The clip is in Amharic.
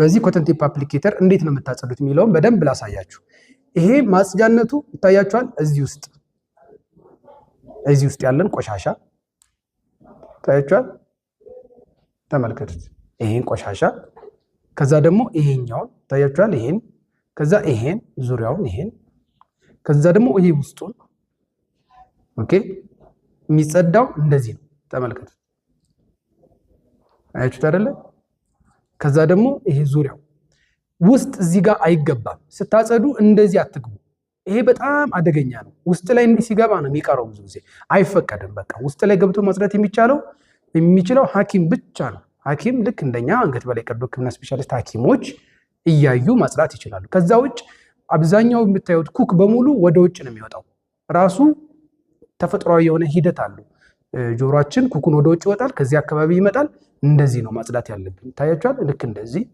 በዚህ ኮተን ቴፕ አፕሊኬተር እንዴት ነው የምታጸዱት የሚለውን በደንብ ላሳያችሁ። ይሄ ማጽጃነቱ ይታያችኋል። እዚህ ውስጥ እዚህ ውስጥ ያለን ቆሻሻ ይታያችኋል። ተመልከቱት። ይሄን ቆሻሻ ከዛ ደግሞ ይሄኛውን ይታያችኋል። ይሄን ከዛ ይሄን ዙሪያውን ይሄን ከዛ ደግሞ ይሄ ውስጡን ኦኬ። የሚጸዳው እንደዚህ ነው። ተመልከቱት። አያችሁት አይደለ? ከዛ ደግሞ ይሄ ዙሪያው ውስጥ እዚህ ጋር አይገባም። ስታጸዱ እንደዚህ አትግቡ። ይሄ በጣም አደገኛ ነው። ውስጥ ላይ እንዲህ ሲገባ ነው የሚቀረው። ብዙ ጊዜ አይፈቀድም። በቃ ውስጥ ላይ ገብቶ ማጽዳት የሚቻለው የሚችለው ሐኪም ብቻ ነው። ሐኪም ልክ እንደኛ አንገት በላይ ቀዶ ሕክምና ስፔሻሊስት ሐኪሞች እያዩ ማጽዳት ይችላሉ። ከዛ ውጭ አብዛኛው የምታዩት ኩክ በሙሉ ወደ ውጭ ነው የሚወጣው። ራሱ ተፈጥሯዊ የሆነ ሂደት አለው። ጆሮአችን ኩኩን ወደ ውጭ ይወጣል፣ ከዚህ አካባቢ ይመጣል። እንደዚህ ነው ማጽዳት ያለብን። ታያችኋል። ልክ እንደዚህ